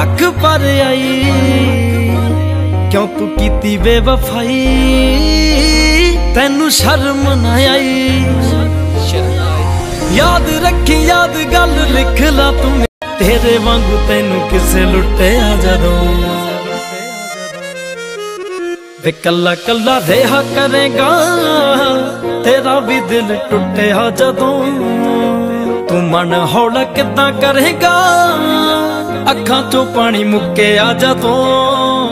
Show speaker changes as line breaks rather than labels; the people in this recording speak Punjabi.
ਅੱਖ ਪਰ ਆਈ ਕਿਉਂ ਤੂੰ ਕੀਤੀ ਬੇਵਫਾਈ ਤੈਨੂੰ ਸ਼ਰਮ ਨਾ ਆਈ ਯਾਦ ਰੱਖੀ ਯਾਦ ਗੱਲ ਲਿਖ ਲਾ ਤੂੰ ਤੇਰੇ ਵਾਂਗੂ ਤੈਨੂੰ ਕਿਸੇ ਲੁੱਟਿਆ ਜਦੋਂ ਵੇ ਕੱਲਾ ਕੱਲਾ ਦੇਹਾ ਕਰੇਗਾ ਤੇਰਾ ਵੀ ਦਿਲ ਟੁੱਟਿਆ ਜਦੋਂ ਤੂੰ ਮਨ ਹੌਲਾ ਕਿਦਾਂ ਕਰੇਗਾ ਅੱਖਾਂ ਤੋਂ ਪਾਣੀ ਮੁੱਕਿਆ
ਤੂੰ